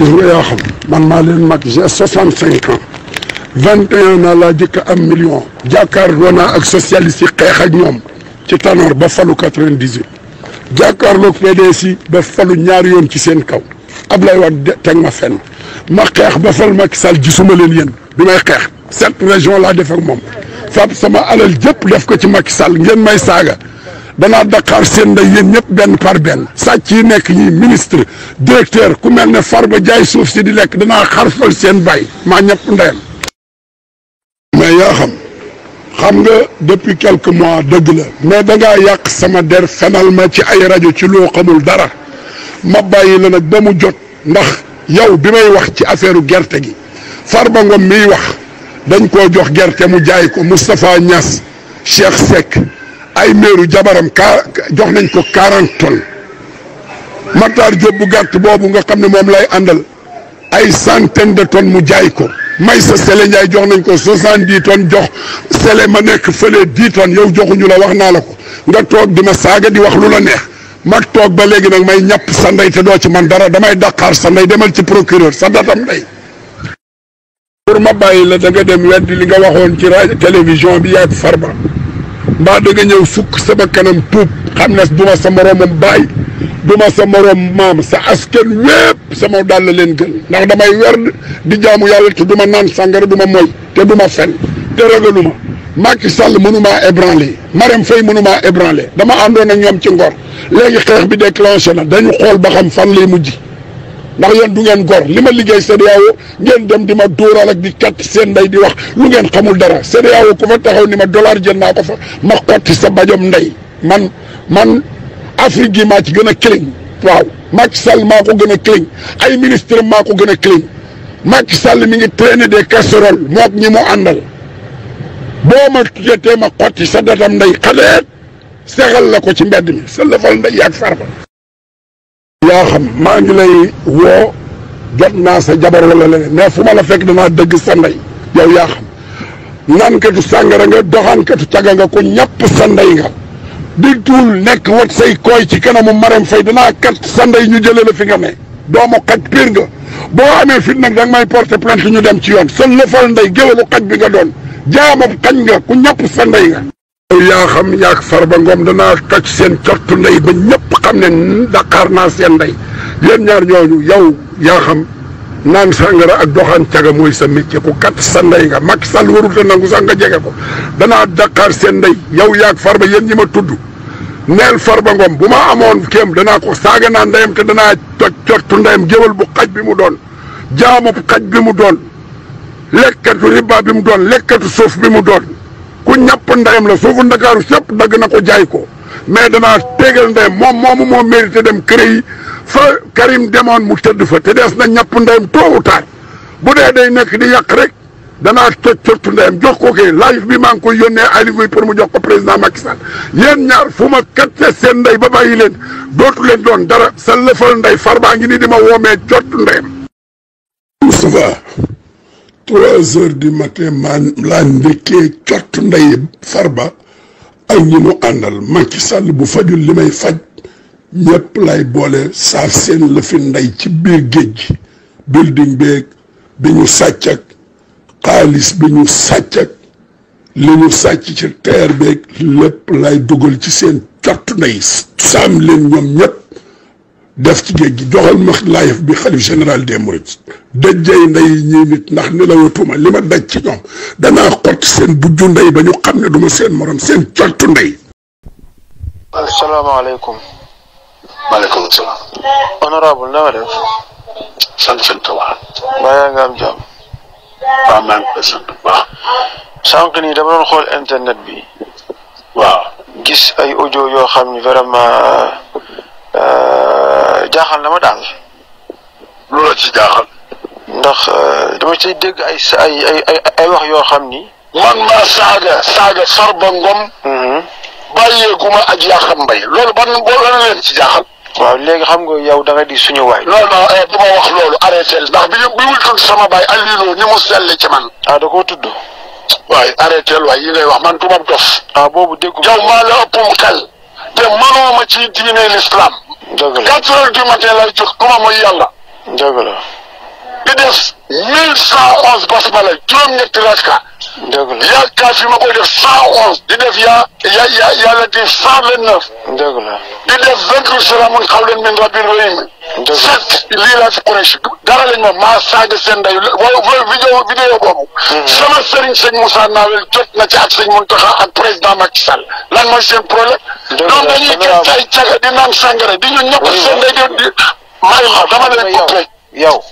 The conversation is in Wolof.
gis nga yaa man maa leen mag j'ai soixante cinq ans vingt et un laa jëkk am million jàkkaarloo naa ak socialiste yi xeex ak ñoom ci Tanor ba falu quatre-vingt-dix-huit si PDS yi ba falu ñaar yoon ci seen kaw Ablaye Wade teg ma fenn ma xeex ba fal Macky Sall gisuma leen yéen bi may xeex sept région laa def moom fab sama alal jëpp def ko ci Macky Sall ngeen may saaga danaa Dakar seen nday yéen ñëpp benn par benn sàcc yi nekk ñi ministre directeur ku mel ne Farba jaay suuf si di lekk danaa xarfal seen bay maa ñëpp ndeyam mais yaa xam xam nga depuis quelques mois dëgg la mais dangaa yàq sama der fenal ma ci ay rajo ci loo xamul dara ma bàyyi la nag ba mu jot ndax yow bi may wax ci affaire gerte gi ba Ngom miy wax dañ koo jox gerte mu jaay ko Moustapha Niass Cheikh Seck ay meeru jabaram ka jox nañ ko 40 tonnes Matar Diop bu gàtt boobu nga xam ne moom lay àndal ay centaine de tonnes mu jaay ko may sa Sele Ndiaye jox nañ ko 70 tonnes jox Sele ma nekk fële di tonnes yow joxuñu la wax naa la ko nga toog di ma saaga di wax lu la neex ma toog ba léegi nag may ñàpp sa ndey te doo ci man dara damay daqaar sa ndey demal ci procureur sa datam ndey. pour ma bàyyi la da nga dem weddi li nga waxoon ci rajo télévision bi far Farba. mbaa da ñëw sukk sama kanam tuub xam ne du ma sa moroomam baay du ma sa moroom maam sa askan wépp sama dàll leen gën ndax damay werd di jaamu yàlla te du ma naan sàngara du moy te du ma fen te ragalu ma Macky Sall mënumaa ma Marème Faye mënumaa ébranlé dama àndoon ak ñoom ci ngor léegi xeex bi déclenché na dañu xool ba xam fan lay mujj ndax yéen du ngeen gor li ma liggéey CEDEAO ngeen dem di ma dóoral ak di kat seen ndey di wax lu ngeen xamul dara CEDEAO ko fa taxaw ni ma dollar jël naa ko fa ma xotti sa bajom ndey man man Afrique gi maa ci gën a clean waaw Macky Sall maa ko gën a clean ay ministre maa ko gën a clean ci Sall mi ngi traîner des casseroles mook ñi mu àndal boo ma tuddee ma xotti sa datam ndey xaleet seexal la ko ci mbedd mi sa lëfal ndey ak farba yaa xam maa ngi lay woo jot naa sa jabar wala leneen mais fu ma la fekk danaa dëgg sa ndey yow yaa xam naankatu sàngara nga doxaankatu caga nga ko ñàpp sa ndey nga dig tuul nekk wat say kooy ci kanamu Marème Faye danaa kat sa ndey ñu jëlee la fi nga ne doomu xaj piir nga boo amee fit nag danga may porter plainte ñu dem ci yoon sa lëfal ndey géwélu xaj bi nga doon jaamab kañ nga ku ñàpp sa ndey nga yaa xam yaak Farba Ngom danaa toj seen cottu ndey ba ñëpp xam ne Dakar naa seen ndey yéen ñaar ñooñu yow yaa xam naan sàngara ak doxaan caga mooy sa métier ku kat sa ndey nga Macky Sall warul te nangu sax nga jege ko danaa Dakar seen ndey yow yaak Farba yéen ñi ma tudd neel Farba Ngom bu ma amoon kéem dana ko saaga naa ndeyam te danaa toj cottu ndeyam géwal bu xaj bi mu doon jaamu xaj bi mu doon lekkatu riba bi mu doon lekkatu suuf bi mu doon. ku ñàpp ndeyam la suufu ndakaaru sëpp dagg na ko jaay ko mais danaa tegal ndeyam moom moomu moo mérité dem kër yi fa Karim demoon mu tëdd fa te dees na ñàpp ndeyam tôt ou tard bu dee day nekk di yàq rek danaa toj cottu ndeyam jox ko kii live bi maa ngi koy yónnee Aliou Guèye pour mu jox ko président Macky Sall yéen ñaar fu ma kacce seen ndey ba bàyyi leen dootu leen doon dara sa lëfal ndey baa ngi nii di ma woomee cottu ndeyam. Moustapha trois heures du matin maan laa ndekkee cott ndey Farba ak ñi mu àndal Macky Sall bu fajul li may faj ñëpp lay boole saaf seen la ndey ci biir géej gi building beeg bi ñu sàcc ak xaalis bi ñu sàcc ak li ñu sàcc ci terre beeg lépp lay dugal ci seen cott ndey saam leen ñoom ñëpp def ci géej gi joxal ma laayef bi xalif général des mourides dajjay nday ñii nit ndax ni la li ma daj ci ñoom danaa xotti seen bujju ndey ba ñu xam ne duma seen morom seen cottu ndey asalaamaaleykum maaleykum salaam na nga def sant yaa nga am jàmm nii dama doon xool internet bi gis ay audio yoo xam ne vraiment jaaxal na ma daal. lu la ci jaaxal. ndax euh, dama ciy dégg ay sa ay ay ay wax yoo xam ni. man ma saaga saaga Farba Ngom. Mm-hmm. bàyyeeku ma ak Yakham Mbaye loolu ban boo lan leen ci jaaxal. waaw léegi xam nga yow da di suñu waay. non non euh, du wax loolu arrêté ndax bi bi muy tudd sama baay Alioune ni ci man. ah da koo tudd. waaye arrêté waay yi ngay wax man du ma dof. ah boobu déggu. yow maa la ëppum xel te mënoo ma ci diine l'islam dëgg la quatre heures du matin lay jóg ku mooy yàlla. dëgg la. di def mille cent onze basmala juróom-ñetti yaa kaaf yi ma koy cent onze di def yaa ya ya yàlla di cent vingt neuf di def vingt-huit salaamun qawlan min rabbin rahim sept lii laa ci Quraysh dara lañ ma maa saaga seen nday wala vidéo vidéo boobu hmm. sama sëriñ sëñ Moussa jot na ci ak sëñ Mountakha ak président Macky Sall lan mooy seen problème donc dañuy gën tay caga di naan sàngara di ñu ñëpp seen nday di may ma dama leen coupé yow